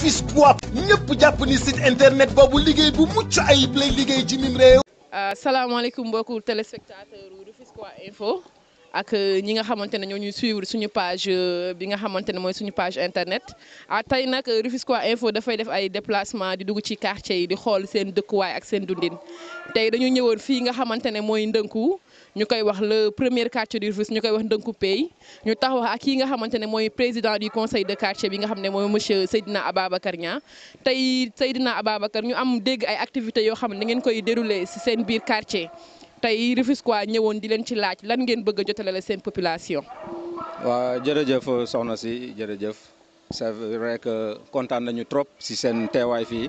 fis poap ñëpp jàpp ni site internet boobu liggéey bu mucc ayib lay liggéey ci mim réew asalaamaaleykum euh, mbokku téléspectateur Rufisque info ak euh, ñi nga xamante ne ñoo ñuy suivre suñu page euh, bi nga xamante ne mooy suñu page internet ah tey nag Rufisque info dafay def ay déplacement di dugg ci quartier yi di xool seen dëkkuwaay ak seen dundin tey dañu ñëwoon fii nga xamante ne mooy ndënku ñu koy wax le premier quartier du Rufisque ñu koy wax ndënku pay ñu tax wax ak yi nga xamante ne mooy président du conseil de quartier bi nga xam ne mooy monsieur Seydina Ababacar ñaa tey Seydina Ababacar ñu am dégg ay activités yoo xam ne da ngeen koy déroulé si seen biir quartier tey Rufisquois ñëwoon di leen ci laaj lan ngeen bëgg a jotalale seen population. waaw jërëjëf soxna si jërëjëf c'est vrai que kontaan nañu trop si seen teewaay fii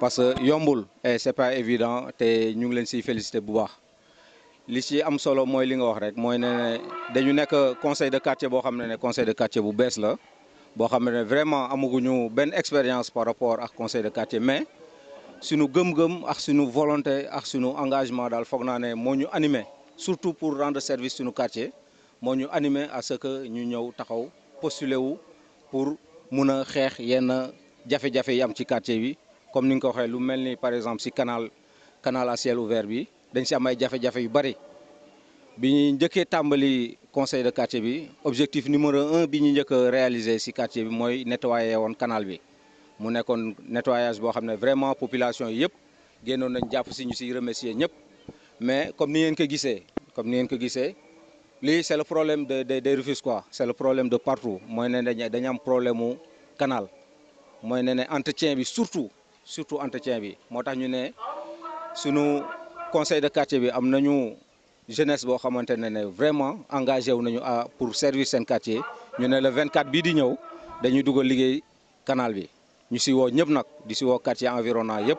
parce que yombul et c'est te ñu ngi leen siy félicité bu baax. li ci am solo moy li nga wax rek moy ne dañu nek conseil de quartier bo xamné conseil de quartier bu bess la bo xamné ne vraiment amaguñu ben expérience par rapport à conseil de quartier mais suñu gëm-gëm ak suñu volonté ak suñu engagement dal foog naa ne moo ñu animé surtout pour rendre service suñu quartier moo ñu animé à ce que ñu ñëw taxaw postuler wu pour mëna a xeex yenn jafé yi am ci quartier bi comme ni nga waxé lu melni par exemple si canal canal à ciel ouvert bi dañ ci am ay jafé jafe yu bari bi ñuy njëkkee tambali conseil de quartier bi objectif numéro un bi ñu njëkk réaliser ci quartier bi moy nettoyer won canal bi mu nekkoon nettoyage bo xamné vraiment population yépp yëpp génnoon nañ jàpp ci ñu si remercier ñëpp mais comme ni ngeen ko gissé comme ni ngeen ko gissé li c'est le problème de de des Rufisquois c' le problème de partout moy né dañu am problème canal moy né entretien bi surtout surtout entretien bi motax ñu né suñu conseil de quartier bi am nañu jeunesse boo xamante ne ne vraiment engagé wu nañu à pour service seen quartier ñu ne le 24 bii di ñëw dañuy dugal liggéey canal bi ñu si woo ñëpp nag di si woo quartier environnant yëpp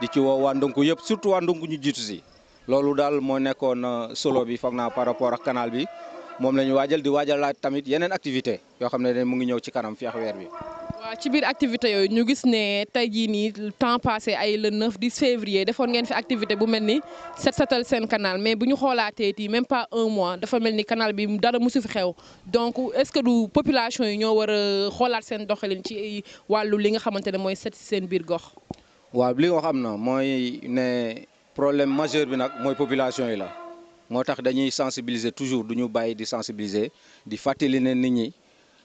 di ci woo waa Ndunku yëpp surtout waa Ndunku ñu jiitu si loolu daal moo nekkoon euh, solo bi foog naa par rapport ak canal bi moom la waajal di waajalaat tamit yeneen activité yoo xam ne mu ngi ñëw ci kanam fi ak weer bi Euh, ci biir activité yooyu ñu gis ne tay jii nii temps passé ay le 9 10 février defoon ngeen fi activité bu mel ni set setal seen canal mais bu ñu xoolaatee tii même pas un mois dafa mel ni canal bi dara musu fi xew donc est-ce que du population yi ñoo war a xoolaat seen doxalin ci wàllu li nga xamante ne mooy set seen biir gox. waaw li nga xam na mooy ne problème majeur bi nag mooy population yi la moo tax dañuy sensibiliser toujours du ñu bàyyi di sensibiliser di fàttali ne nit ñi.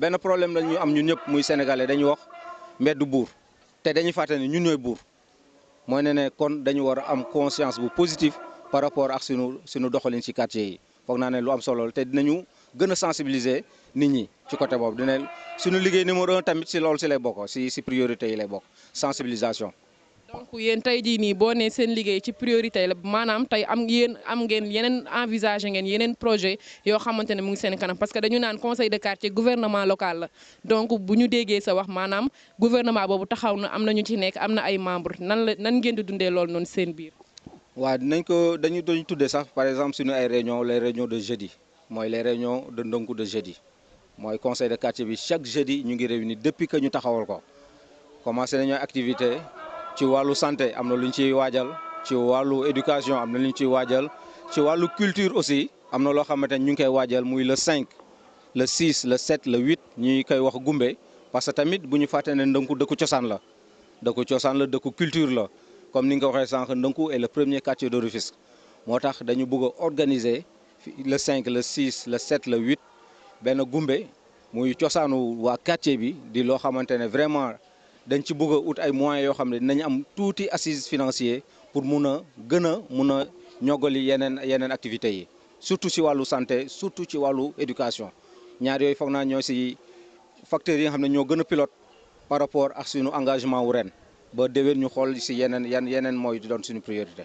ben problème la ñu am ñun ñëpp muy sénégalais dañuy wax mbedd bour té dañuy faté ni ñun ñooy bour moy né né kon dañuy wara am conscience bu positive par rapport ak suñu suñu doxalin ci quartier yi foog na né lu am solo té dinañu gën sensibiliser nit ñi ci côté boobu dina suñu liggéey numéro 1 tamit ci loolu ci lay bokk ci ci priorité yi lay bokk sensibilisation donc yéen tey jii nii boo nee seen liggéey ci priorité la maanaam tey am ngeen yeneen envisagé ngeen yeneen projet yoo xamante ne mu ngi seen kanam parce que dañu naan conseil de quartier gouvernement local la donc bu ñu déggee sa wax maanaam gouvernement boobu taxaw na am na ñu ci nekk am na ay membre nan la nan ngeen di dundee loolu noonu seen biir. waaw nañ ko dañu doon tuddee sax par exemple suñu ay réunions les réunions de jeudi mooy le réunions de ndonku de jeudi mooy conseil de quartier bi chaque jeudi ñu ngi réunir depuis que ñu taxawal ko ci wàllu santé am na lu ñu ciy waajal ci wàllu éducation am na lu ñu ciy waajal ci wàllu culture aussi am na loo xamante ni ñu ngi koy waajal muy le 5 le 6 le 7 le 8 ñuy koy wax gumbe parce que tamit bu ñu fàtte ne ndënku dëkku cosaan la dëkku cosaan la dëkku culture la comme ni nga ko waxee sànq ndënku est le premier quartier de Rufisque moo tax dañu bëgg a organiser le 5 le 6 le 7 le 8 benn gumbe muy cosaanu waa quartier bi di loo xamante ne vraiment. dañ ci bëgg a ut ay moyens yoo xam ne dinañ am tuuti assise financier pour mun a gën a mun a ñogali yeneen yeneen activités yi surtout ci wàllu santé surtout ci wàllu éducation ñaar yooyu foog naa ñoo ci facteurs yi nga xam ne ñoo gën a pilote par rapport ak suñu engagement wu ren ba déwén ñu xool ci yeneen yan yeneen mooy di doon suñu priorité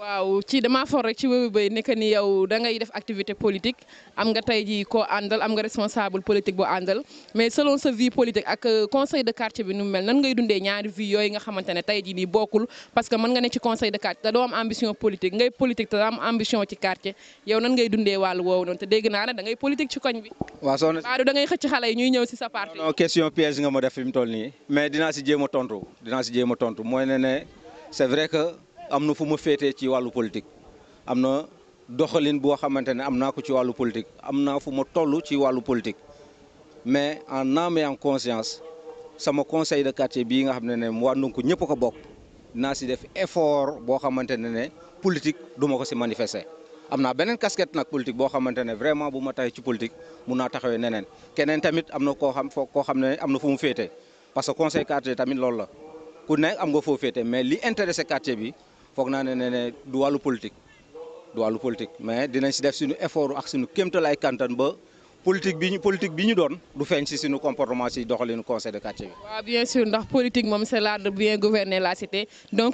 waaw ci damaa for rek ci wébu bay nekk ni yow da ngay def activité politique am nga tey ji koo àndal am nga responsable politique boo àndal mais selon sa vie politique ak euh, conseil de quartier bi nu mel nan ngay dundee ñaari vie yooyu nga xamante ne tey ji nii bokkul parce que mën nga ne ci conseil de quartier te doo am ambition politique ngay politique te am ambition ci quartier yow nan ngay dundee wàllu woowu noonu te dégg naa ne da ngay politique ci koñ bi yi ñuy ñëw si sa parti non question piège nga ma def fi mu toll a tontu a tontu mooy ne ne c'est amna fumu fété ci walu politique amna na doxalin boo xamante ne ko ci walu politique amna fumu tollu ci walu politique mais en âme et en conscience sama conseil de quartier bi nga xamné né ne waa Ndungu ñëpp ko bok na ci def effort bo xamante né politique duma ko ci manifester. amna benen casquette n'ak politique bo xamante vraiment buma tay ci politique mun naa taxawee neneen keneen tamit amna ko xam ko xamné amna fumu fété parce que conseil quartier tamit lool la ku nekk am nga foo fété mais li intéressé quartier bi foog naa ne ne du wàllu politique du wàllu politique mais dinañ si def suñu effort ak suñu kéemtalaay kantan ba politique bi politique bi ñu doon du feñ ci suñu comportement ci doxalinu conseil de quartier bi. bien sûr ndax politique moom c'est l'art de bien gouverner la cité donc.